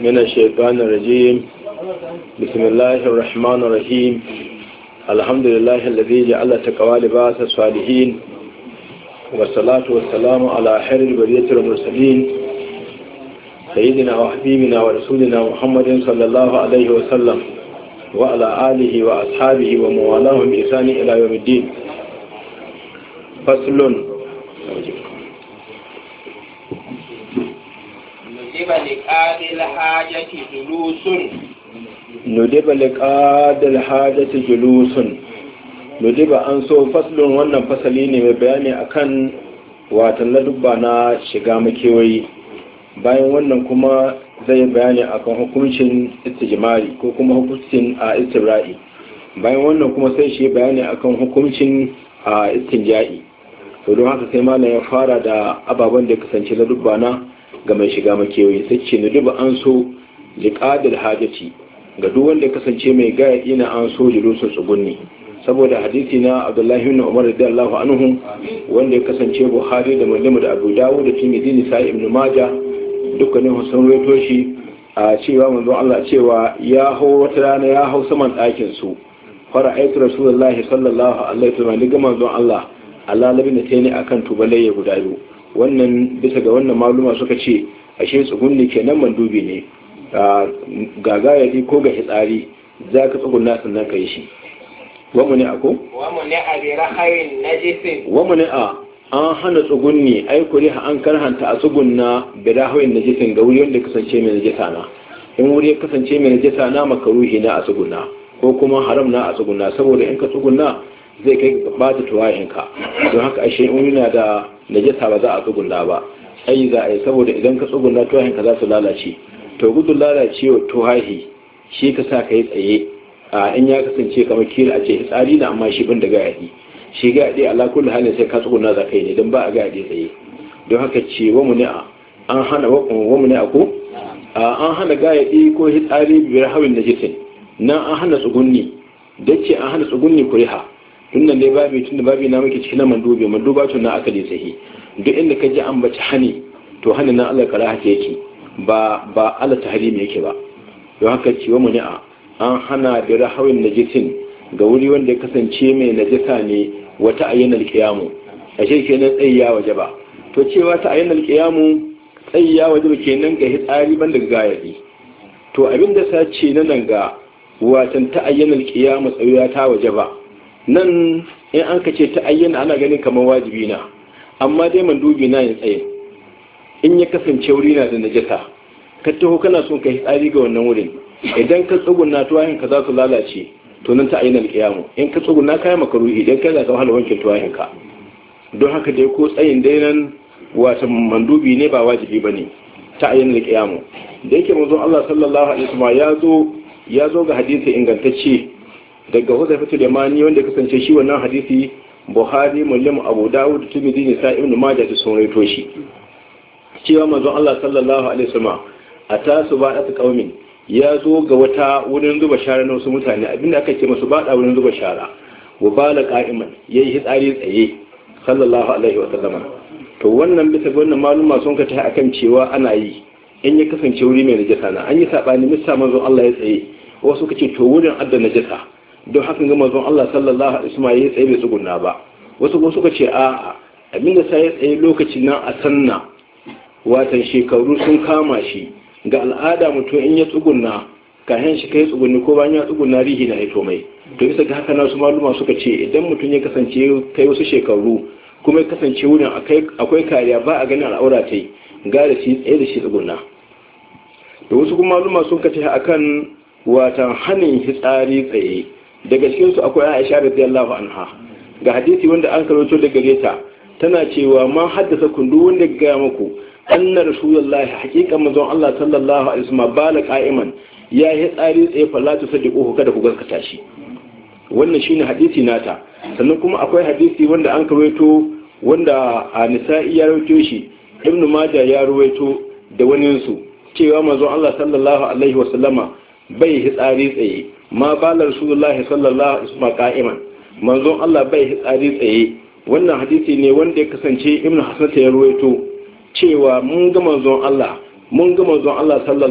من الشيطان الرجيم بسم الله الرحمن الرحيم الحمد لله الذي جعل تقوى لباس الصالحين والصلاة والسلام على خير البرية المرسلين سيدنا وحبيبنا ورسولنا محمد صلى الله عليه وسلم وعلى آله وأصحابه وموالاهم بإحسان إلى يوم الدين فصل nudiba liqadil hajati julusun julusun nudiba an so faslun wannan fasali ne mai bayani akan watan ladubba na shiga makewayi bayan wannan kuma zai bayani akan hukuncin istijmari ko kuma hukuncin a istibra'i bayan wannan kuma sai shi bayani akan hukuncin a istinja'i to don haka sai malam ya fara da ababen da kasance na ga mai shiga makewayi sai ce na duba an so liƙadar hajjaci ga duk wanda ya kasance mai gaya ina an so jirusun tsugunni saboda hadisi na abdullahi ibn umar radiyallahu anhu wanda ya kasance buhari da muslim da abu dawud da tirmidhi ni sai ibn majah dukkanin sun rawaito a cewa manzon Allah cewa ya hau wata rana ya hau saman ɗakin su fara aitu rasulullahi sallallahu alaihi wasallam ni ga manzon Allah Allah labin da tayi akan tubalai guda biyu wannan bisa ga wannan maluma suka ce ashe tsugunni kenan mandubi ne ga gayari ko ga hitsari za ka tsugunna sannan ka yi shi ne a ko? ne a bera harin wamu ne a an hana tsugunni ai a an karhanta a tsugunna bera harin najisin ga wuri wanda kasance mai najisa na in wuri ya kasance mai najisa na makaruhi na a tsuguna ko kuma haram na a tsuguna saboda in ka tsugunna zai kai ba da tuwahinka don haka ashe in yana da najasa ba za a tsugunda ba ai za a yi saboda idan ka tsugunda ka za su lalace to gudun lalacewa tuwahi shi ka sa ka yi tsaye a in ya kasance kamar kila a ce hitsari na amma shi ban da gaɗi shi gayadi ala kulli halin sai ka tsugunda za ka yi ne don ba a gaɗi tsaye don haka ce wa mu ni'a an hana wa mu ni'a ko an hana ko hitsari biyar hawin najisin nan an hana tsugunni dace an hana tsugunni kuriha tun dai babi tun da babi na muke cikin mandubi manduba tun na asali sahi duk inda ka ji an baci hani to hani na Allah karaha ta yake ba ba Allah tahrimi yake ba don haka ciwo mu ni'a an hana da rahawin najisin ga wuri wanda ya kasance mai najisa ne wata a kiyamu ke kenan tsayya waje ba to cewa ta ayyana kiyamu tsayya waje ba kenan ga hitsari ban daga gayadi to abinda sa ce nan ga watan ta ayyana kiyamu tsayya ta waje ba nan in an ka ce ta ayyana ana ganin kamar wajibi na amma dai mandubi na yin tsaye in ya kasance wuri na da najasa ka taho kana son ka yi tsari ga wannan wurin idan ka tsuguna tuwahin ka za su lalace to nan ta ayyana alƙiyamu in ka tsuguna kayan makaru idan ka za ka wahala wankin tuwahin ka don haka dai ko tsayin dai nan wata mandubi ne ba wajibi ba ne ta ayyana da yake manzon Allah sallallahu alaihi wasallam ya zo ya zo ga hadisi ingantacce daga da mani wanda kasance shi wannan hadisi buhari mulim abu dawud Dini sa ibnu majah da sun rawaito shi cewa manzo Allah sallallahu alaihi wasallam ba subaqat kaumin ya zo ga wata wurin zuba shara na wasu mutane abinda aka ce masu bada wurin zuba shara wa bala qa'iman yayi hitsari tsaye sallallahu alaihi wasallam to wannan bisa ga wannan maluma sun ka ta akan cewa ana yi in ya kasance wuri mai najasa na an yi sabani misa manzon Allah ya tsaye wasu kace to wurin adda najasa don hakan ga manzon Allah sallallahu alaihi wasallam ya tsaye bai tsugunna ba wasu ko suka ce a'a abin da sai tsaye lokaci nan a sanna watan shekaru sun kama shi ga al'ada mutum in ya tsugunna kayan shi kai tsugunni ko bayan ya tsugunna rihi na ito mai to bisa ga haka nasu maluma suka ce idan mutum ya kasance kai wasu shekaru kuma ya kasance wurin akwai kariya ba a ganin al'aura ta yi gada shi tsaye da shi tsugunna da wasu kuma maluma sun kace akan watan hanin hitsari tsaye daga cikin su akwai Aisha radiyallahu anha ga hadisi wanda an karanto daga gareta tana cewa man haddasa kundu wanda ga muku anna rasulullahi haqiqa manzon Allah sallallahu alaihi wasallam bala qa'iman ya yi tsari tsaye fallatu uku kada ku gaskata shi wannan shine hadisi nata sannan kuma akwai hadisi wanda an karanto wanda a nisa'i ya rawaito shi ibnu maja ya rawaito da waninsu cewa manzon Allah sallallahu alaihi wasallama bai yi tsari tsaye ma balar rasulullahi sallallahu alaihi wasallam qa'iman manzon Allah bai hitsari tsaye wannan hadisi ne wanda ya kasance ibn hasan ya ruwaito cewa mun ga manzon Allah mun ga manzon Allah sallallahu